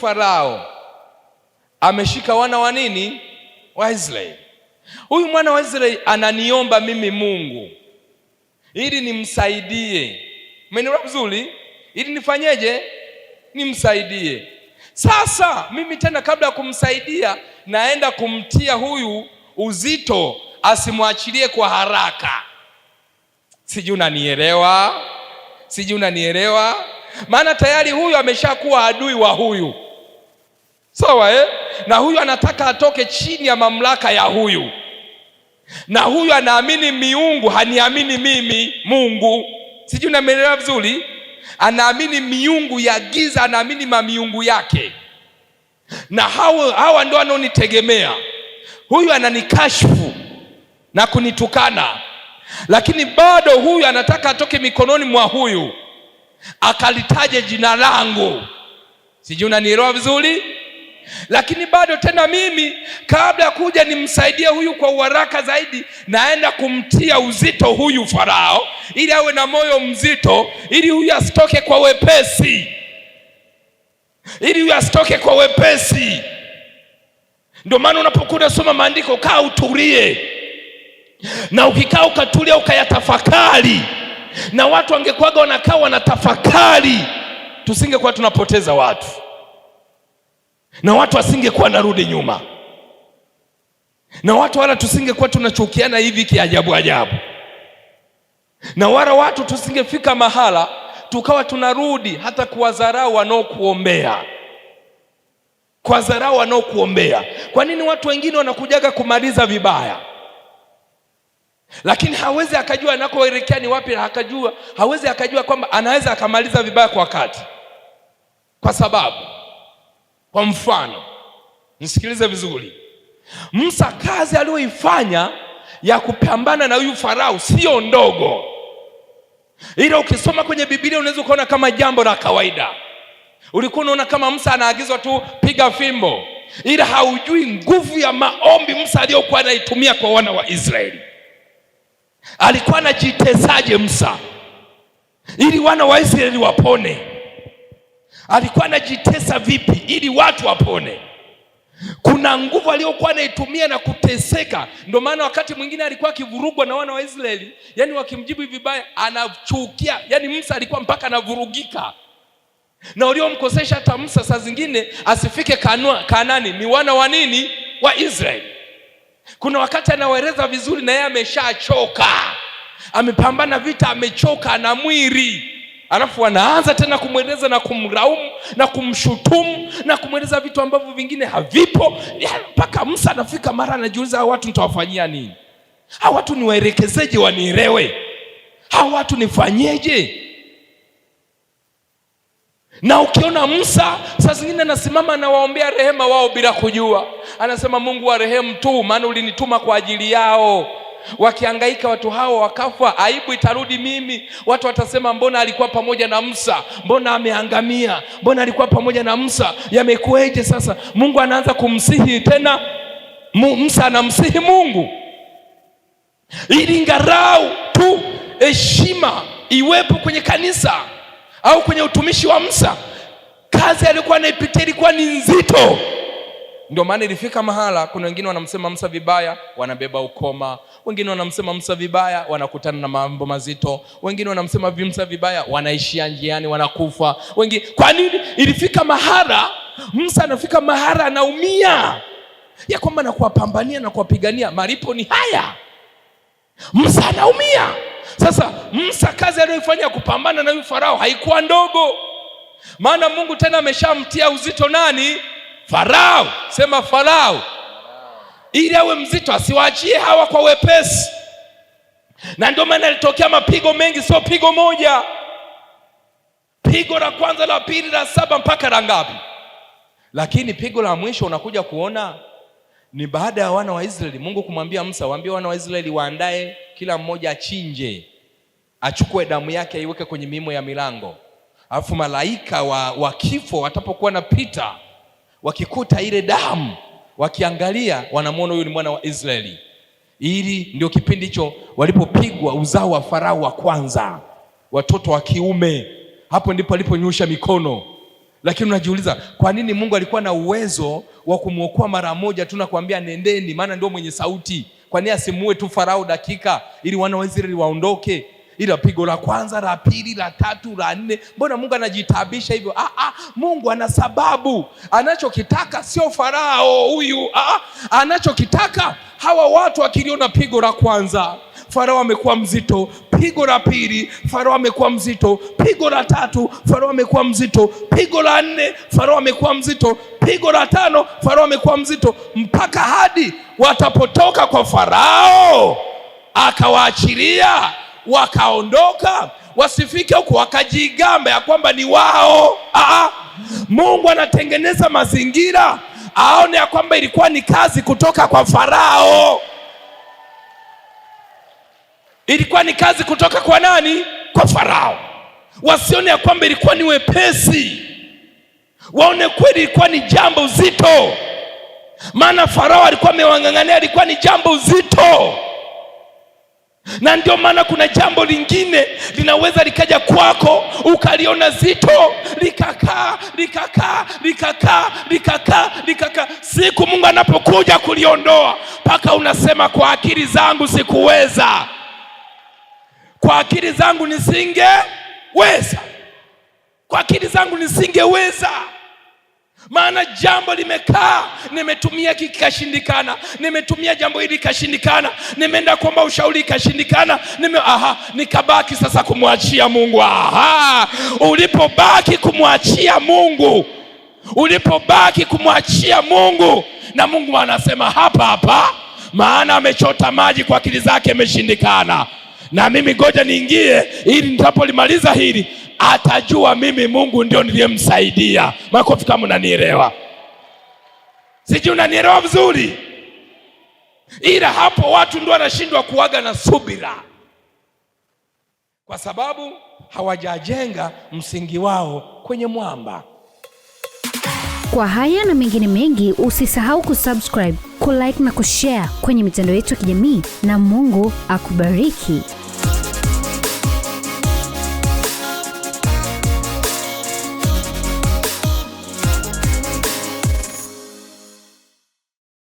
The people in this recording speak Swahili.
Farao ameshika wana wa nini? Wa Israeli. Huyu mwana wa Israeli ananiomba mimi Mungu ili nimsaidie. Umenielewa vizuri? Ili nifanyeje? Nimsaidie. Sasa mimi tena, kabla ya kumsaidia, naenda kumtia huyu uzito, asimwachilie kwa haraka. Sijui unanielewa? Sijui unanielewa? Maana tayari huyu ameshakuwa adui wa huyu sawa eh? Na huyu anataka atoke chini ya mamlaka ya huyu, na huyu anaamini miungu, haniamini mimi Mungu. Sijui unanielewa vizuri? Anaamini miungu ya giza, anaamini mamiungu yake, na hawa, hawa ndio wanaonitegemea. Huyu ananikashfu na kunitukana, lakini bado huyu anataka atoke mikononi mwa huyu, akalitaje jina langu. Sijui unanielewa vizuri? lakini bado tena mimi kabla ya kuja nimsaidie huyu kwa uharaka zaidi, naenda kumtia uzito huyu Farao ili awe na moyo mzito, ili huyu asitoke kwa wepesi, ili huyu asitoke kwa wepesi. Ndio maana unapokuwa unasoma maandiko, kaa utulie, na ukikaa ukatulia ukayatafakari, na watu wangekuwaga wanakaa wanatafakari, tusingekuwa tunapoteza watu na watu wasingekuwa narudi nyuma, na watu wala tusingekuwa tunachukiana hivi kiajabu ajabu, na wala watu tusingefika mahala tukawa tunarudi hata kuwadharau wanaokuombea kwa dharau wanaokuombea. Kwa nini watu wengine wanakujaga kumaliza vibaya, lakini hawezi akajua anakoelekea ni wapi, akajua hawezi akajua kwamba anaweza akamaliza vibaya kwa wakati, kwa sababu kwa mfano, msikilize vizuri, Musa kazi aliyoifanya ya kupambana na huyu Farao sio ndogo, ila ukisoma kwenye Biblia unaweza ukaona kama jambo la kawaida. Ulikuwa unaona kama Musa anaagizwa tu piga fimbo, ila haujui nguvu ya maombi Musa aliyokuwa anaitumia kwa wana wa Israeli. Alikuwa anajitesaje Musa ili wana wa Israeli wapone? alikuwa anajitesa vipi ili watu wapone. Kuna nguvu aliyokuwa anaitumia na kuteseka. Ndio maana wakati mwingine alikuwa akivurugwa na wana wa Israeli, yani wakimjibu vibaya anachukia, yani Musa alikuwa mpaka anavurugika na uliomkosesha hata Musa saa zingine asifike kanua, Kanani ni wana wa nini wa Israeli. Kuna wakati anawaeleza vizuri na yeye ameshachoka, amepambana vita, amechoka na mwili alafu anaanza tena kumweleza na kumlaumu na kumshutumu na kumweleza vitu ambavyo vingine havipo, mpaka Musa anafika mara anajiuliza, hawa watu nitawafanyia nini? Hawa watu niwaelekezeje wanielewe? Hawa watu nifanyeje? Na ukiona Musa saa zingine anasimama anawaombea rehema wao bila kujua, anasema Mungu wa rehemu tu, maana ulinituma kwa ajili yao wakiangaika watu hawa wakafa, aibu itarudi mimi. Watu watasema mbona alikuwa pamoja na Musa, mbona ameangamia, mbona alikuwa pamoja na Musa, yamekueje sasa? Mungu anaanza kumsihi tena, Musa anamsihi Mungu ili ngarau tu heshima iwepo kwenye kanisa au kwenye utumishi wa Musa. Kazi aliyokuwa anaipitia ilikuwa ni nzito. Ndio maana ilifika mahala, kuna wengine wanamsema Musa vibaya, wanabeba ukoma. Wengine wanamsema Musa vibaya, wanakutana na mambo mazito. Wengine wanamsema Musa vibaya, wanaishia njiani, wanakufa. Wengine kwa nini? Ilifika mahala Musa anafika mahala anaumia ya kwamba na kuwapambania na kuwapigania, malipo ni haya. Musa anaumia. Sasa Musa kazi aliyoifanya ya kupambana na huyu Farao haikuwa ndogo, maana Mungu tena ameshamtia uzito nani? Farao, sema Farao, ili awe mzito, asiwaachie hawa kwa wepesi. Na ndio maana alitokea mapigo mengi, sio pigo moja, pigo la kwanza, la pili, la saba, mpaka la ngapi? Lakini pigo la mwisho unakuja kuona ni baada ya wana wa Israeli, Mungu kumwambia Musa, waambie wana wa Israeli waandae, kila mmoja achinje, achukue damu yake aiweke kwenye miimo ya milango, alafu malaika wa, wa kifo watapokuwa na pita wakikuta ile damu, wakiangalia wanamwona huyu ni mwana wa Israeli. ili ndio kipindi hicho walipopigwa uzao wa Farao wa kwanza, watoto wa kiume. Hapo ndipo aliponyosha mikono. Lakini unajiuliza kwa nini Mungu alikuwa na uwezo wa kumwokoa mara moja tu nakuambia nendeni, maana ndio mwenye sauti. Kwa nini asimuue tu Farao dakika ili wana wa Israeli waondoke? ila pigo la kwanza, la pili, la tatu, la nne. Mbona Mungu anajitabisha hivyo? Ah, ah, Mungu ana sababu. Anachokitaka sio Farao huyu. Ah, ah. anachokitaka hawa watu akiliona pigo la kwanza Farao amekuwa mzito, pigo la pili, Farao amekuwa mzito, pigo la tatu, Farao amekuwa mzito, pigo la nne, Farao amekuwa mzito, pigo la tano, Farao amekuwa mzito, mpaka hadi watapotoka kwa Farao akawaachilia wakaondoka, wasifike huko wakajigamba ya kwamba ni wao. Aa, Mungu anatengeneza mazingira aone ya kwamba ilikuwa ni kazi kutoka kwa Farao. Ilikuwa ni kazi kutoka kwa nani? Kwa Farao. Wasione ya kwamba ilikuwa ni wepesi, waone kweli ilikuwa ni jambo zito, maana Farao alikuwa amewang'ang'ania, alikuwa ni jambo zito. Na ndio maana kuna jambo lingine linaweza likaja kwako ukaliona zito, likakaa likakaa likakaa likakaa likakaa. Siku Mungu anapokuja kuliondoa, mpaka unasema kwa akili zangu sikuweza, kwa akili zangu nisingeweza, kwa akili zangu nisingeweza maana jambo limekaa, nimetumia kikashindikana, nimetumia jambo hili ikashindikana, nimeenda kuomba ushauri ikashindikana, nime aha, nikabaki sasa kumwachia Mungu. Aha, ulipobaki kumwachia Mungu, ulipobaki kumwachia Mungu, na Mungu anasema hapa hapa, maana amechota maji kwa akili zake, imeshindikana na mimi ngoja niingie, ili nitapolimaliza hili atajua mimi Mungu ndio niliyemsaidia. Makofi kama unanielewa, sijui unanielewa vizuri, ila hapo watu ndio wanashindwa kuwaga na subira, kwa sababu hawajajenga msingi wao kwenye mwamba. Kwa haya na mengine mengi, usisahau kusubscribe, kulike na kushare kwenye mitandao yetu ya kijamii, na Mungu akubariki.